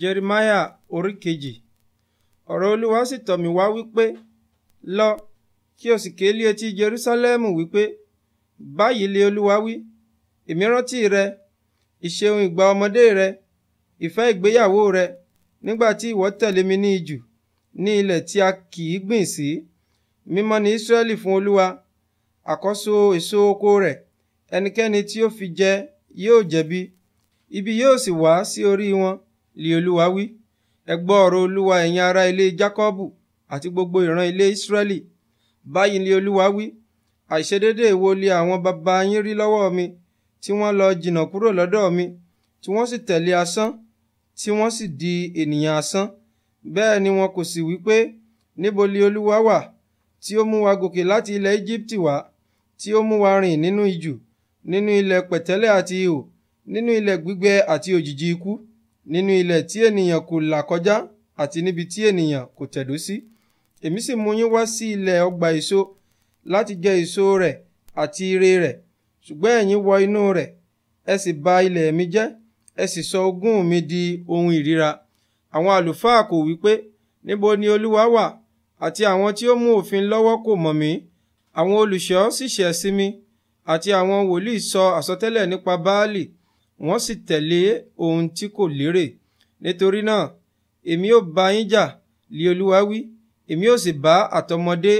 jeremiah orí kejì ọ̀rọ̀ olúwa sì tọ̀ mí wá wípé lọ kí o sì ké lé etí jerúsálẹ́mù wípé báyìí lé olúwa wí èmi rántí rẹ ìṣeun ìgbà ọmọdé rẹ ìfẹ́ ìgbéyàwó rẹ nígbà tí ìwọ tẹ̀lé mi ní ijù ní ilẹ̀ tí a kì í gbìn sí mímọ́ ni Ísírẹ́lì fún olúwa àkọ́so èso oko rẹ̀ ẹnikẹ́ni tí ó fi jẹ yóò jẹ̀bi ibi yóò sì wá sí orí wọn li olúwa wí ẹ gbọ́ ọ̀rọ̀ olúwa ẹ̀yin ará ilé jákọ́bù àti gbogbo ìran ilé ísírẹ́lì báyìí li olúwa wí àìṣedédé èwo li àwọn baba yín rí lọ́wọ́ mi tí wọ́n lọ jìnnà kúrò lọ́dọ̀ mi tí wọ́n sì tẹ̀lé asán tí wọ́n sì di ènìyàn asán bẹ́ẹ̀ ni wọn kò sì wí pé níbo li olúwa wà tí ó mú wa gòkè láti ilẹ̀ íjíbítì wá tí ó mú wa rìn nínú ijù nínú ilẹ̀ pẹ̀tẹ́lẹ̀ àti ihò nínú ilẹ̀ gbígbẹ àti òjìji ikú nínú ilẹ̀ tí ènìyàn kò là kọjá àti níbi tí ènìyàn kò tẹ̀dó sí èmi sì mú yín wá sí ilẹ̀ ọgbà èso láti jẹ èso rẹ̀ àti ire rẹ̀ ṣùgbọ́n ẹ̀yin wọ inú rẹ̀ ẹ sì bà ilẹ̀ mi jẹ́ ẹ sì sọ ogún mi di ohun ìríra àwọn àlùfáà kò wí pé níbo ni olúwa wà àti àwọn tí ó mú òfin lọ́wọ́ kò mọ̀ mí àwọn olùṣọ́ sì ṣẹ̀ sí mi àti àwọn wòlíì sọ àsọtẹ́lẹ̀ nípa Báálì wọ́n sì tẹ̀lé ohun tí kò lérè nítorí náà èmi ò bá yín jà lé olúwa wí èmi ò sì bá àtọmọdé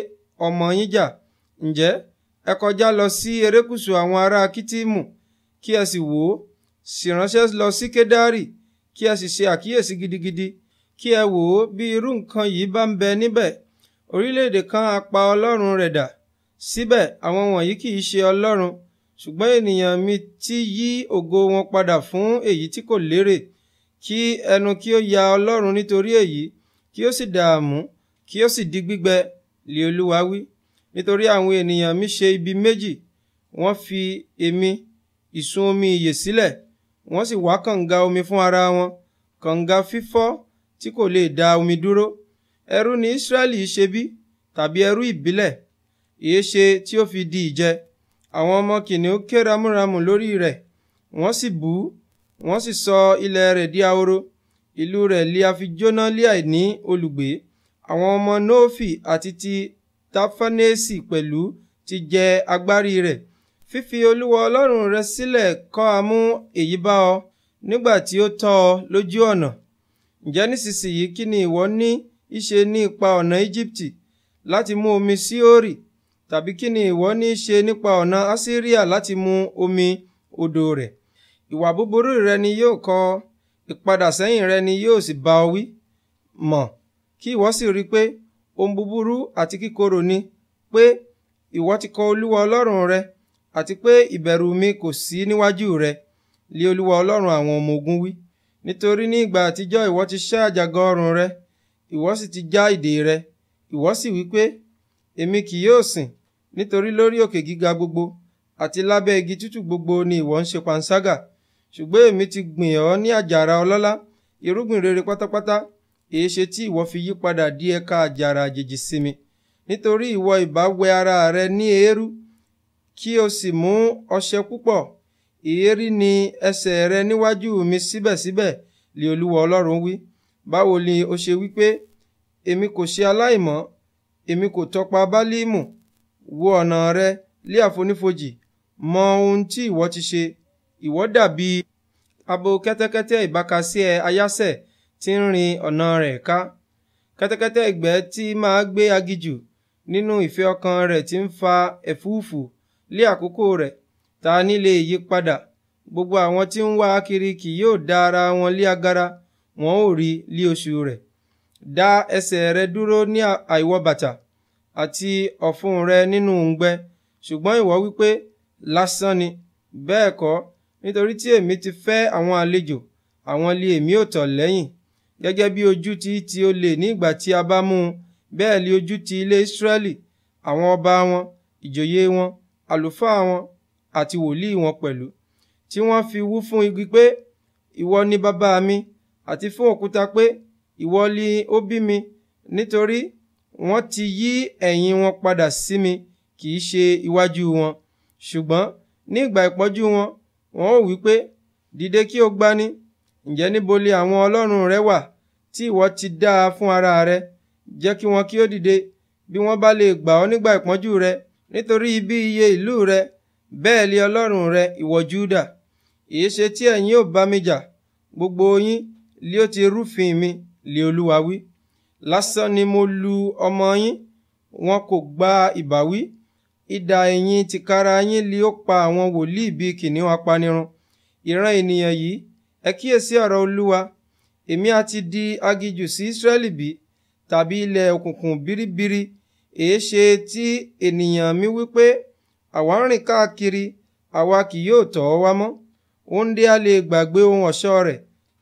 ọmọ yín jà ǹjẹ́ ẹ kọjá lọ sí erékùṣù àwọn ará kìtìmù kí ẹ sì wò ó sì ránṣẹ́ lọ sí kédárì kí ẹ sì ṣe àkíyèsí gidigidi kí ẹ wò ó bí irú nǹkan yìí bá ń bẹ níbẹ̀ orílẹ̀-èdè kan á ọlọ́run rẹ̀ dà síbẹ̀ àwọn wọ̀nyí kì í ṣe ọlọ́run ṣùgbọ́n ènìyàn mi ti yí ògo wọn padà fún èyí tí kò lérè kí ẹnu kí ó ya ọlọ́run nítorí èyí kí ó sì dààmú kí ó sì di gbígbẹ lé olúwa wí nítorí àwọn ènìyàn mi ṣe ibi méjì wọ́n fi èmi ìsun omi ìyè sílẹ̀ wọ́n sì wá kànga omi fún ara wọn kànga fífọ́ tí kò lè da omi dúró ẹrú ni Ísírẹ́lì ṣe bí tàbí ẹrú ìbílẹ̀ èéṣe tí ó fi di ìjẹ àwọn ọmọ kìnìún ké ramúramù lórí rẹ̀ wọ́n sì bú wọ́n sì sọ ilẹ̀ rẹ̀ di ahoro ìlú rẹ̀ lé a fi jóná lé àìní olùgbé àwọn ọmọ nóòfì àti ti tafanesi pẹ̀lú ti jẹ agbárí rẹ̀ fífi olúwa ọlọ́run rẹ sílẹ̀ kọ́ a èyí bá ọ nígbà tí ó tọ́ ọ lójú ọ̀nà ǹjẹ́ nísinsìnyí kí ni ìwọ ní í ṣe ní ipa ọ̀nà íjíbítì láti mú omi sí òòrì tàbí kí ni ìwọ ní í ṣe nípa ọ̀nà Asiria láti mu omi odò rẹ̀ ìwà búburú rẹ ni yóò kọ ìpadà sẹ́yìn rẹ ni yóò sì bá ọ wí mọ̀ kí ìwọ sì rí i pé ohun búburú àti kíkorò ni pé ìwọ ti kọ Olúwa Ọlọ́run rẹ àti pé ìbẹ̀rù mi kò sí níwájú rẹ lé Olúwa Ọlọ́run àwọn ọmọ ogun wí nítorí ní ìgbà àtijọ́ ìwọ ti ṣẹ́ àjàgà ọrùn rẹ ìwọ sì ti já ìdè rẹ ìwọ sì wí pé èmi kì yóò sìn nítorí lórí òkè gíga gbogbo àti lábẹ́ igi tútù gbogbo ni ìwọ ń ṣe panṣágà ṣùgbọ́n èmi ti gbìn ọ́ ní àjàrà ọlọ́lá irúgbìn rere pátápátá èé ṣe tí ìwọ fi yí padà di ẹ̀ka àjàrà àjèjì sí mi nítorí ìwọ ìbá wẹ ara rẹ ní eérú kí o sì mú ọṣẹ púpọ̀ èérí ni ẹsẹ̀ rẹ níwájú mi síbẹ̀síbẹ̀ lè olúwa ọlọ́run wí báwo ni o ṣe wí pé èmi kò ṣe aláìmọ́ èmi kò tọpa bálíìmù wo ọ̀nà rẹ lé àfonífojì mọ ohun tí ìwọ ti ṣe ìwọ dàbí abo kẹ́tẹ́kẹ́tẹ́ ìbákasẹ́ ayásẹ̀ tí ń rin ọ̀nà rẹ̀ ká kẹ́tẹ́kẹ́tẹ́ ìgbẹ́ tí máa gbé agijù nínú ìfẹ́ ọkàn rẹ̀ tí ń fa ẹ̀fúùfù lé àkókò rẹ̀ ta ni lè yí padà gbogbo àwọn tí ń wá kiri kì yóò da ara wọn lé agara wọn ò rí lé oṣù rẹ̀ dá ẹsẹ̀ rẹ dúró ní àìwọ̀ bàtà àti ọ̀fun rẹ nínú ǹgbẹ ṣùgbọ́n ìwọ wípé lásán ni bẹ́ẹ̀ kọ́ nítorí tí èmi ti fẹ́ àwọn àlejò àwọn li èmi ò tọ̀ lẹ́yìn gẹ́gẹ́ bí ojú ti ti olè ní ìgbà tí a bá mú un bẹ́ẹ̀ li ojú ti ilé Ísírẹ́lì àwọn ọba wọn ìjòyè wọn àlùfáà wọn àti wòlíì wọn pẹ̀lú tí wọ́n fi wú fún igi pé ìwọ ni bàbá mi àti fún òkúta pé ìwọ li ó bí mi nítorí wọ́n ti yí ẹ̀yìn wọn padà sí mi kì í ṣe iwájú wọn ṣùgbọ́n ní ìgbà ìpọ́jú wọn wọn ó wí pé dìde kí o gbani ǹjẹ́ níbo lè àwọn ọlọ́run rẹ wà tí ìwọ ti dá a fún ara rẹ jẹ́ kí wọn kí ó dìde bí wọ́n bá lè gbà ọ́ nígbà ìpọ́njú rẹ nítorí ibi iye ìlú rẹ bẹ́ẹ̀ lé ọlọ́run rẹ ìwọ Júdà èéṣe tí ẹ̀yin ò bá mi jà gbogbo yín lé ó ti rúfin mi lé Olúwa wí lásán ni mo lu ọmọ yín wọn kò gba ìbáwí idà ẹ̀yin tìkára yín li ó pa àwọn wòlíì bíi kìnìún apanirun ìran ènìyàn yìí ẹ kíyèsí ọ̀rọ̀ olúwa èmi a ti di aginjù sí Ísírẹ́lì bí tàbí ilẹ̀ òkùnkùn biribiri èé ṣe tí ènìyàn mi wípé àwa ń rìn káàkiri àwa kì yóò tọ̀ ọ́ wá mọ́ òǹdè a lè gbàgbé ohun ọ̀ṣọ́ rẹ̀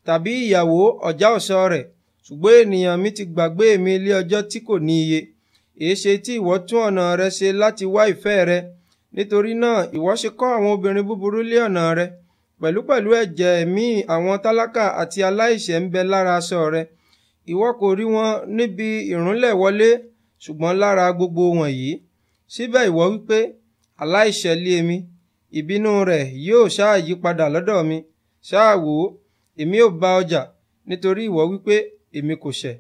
tàbí ìyàwó ọ̀já ọ̀ṣọ́ rẹ̀ ṣùgbọ́n ènìyàn mi ti gbàgbé mi ilé ọjọ́ tí kò ní iye èéṣe tí ìwọ tún ọ̀nà rẹ ṣe láti wá ìfẹ́ rẹ nítorí náà ìwọ ṣe kọ́ àwọn obìnrin búburú lé ọ̀nà rẹ pẹ̀lúpẹ̀lú ẹ̀jẹ̀ ẹ̀mí àwọn tálákà àti aláìṣẹ̀ ń bẹ lára aṣọ rẹ ìwọ kò rí wọn níbi ìrúnlẹ̀ wọlé ṣùgbọ́n lára gbogbo wọ̀nyí síbẹ̀ ìwọ wípé aláìṣẹ̀ lé mi ìbínú rẹ̀ yóò ṣáà yí padà lọ́dọ̀ mi ṣáà wò ó èmi ò bá ọjà nítorí ìwọ wípé èmi kò ṣẹ̀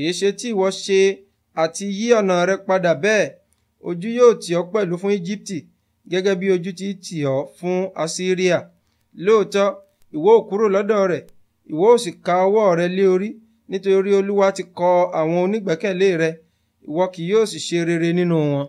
èyí ṣe tí ìwọ ṣe àti yí ọ̀nà rẹ padà bẹ́ẹ̀ ojú yóò tì ọ́ pẹ̀lú fún Íjíbítì gẹ́gẹ́ bí ojú ti tì ọ́ fún Asíríà lóòótọ́ ìwọ ò kúrò lọ́dọ̀ rẹ̀ ìwọ ò sì ka ọwọ́ rẹ lé orí nítorí Olúwa ti kọ àwọn onígbẹ́kẹ̀lé rẹ ìwọ kì yóò sì ṣe rere nínú wọn.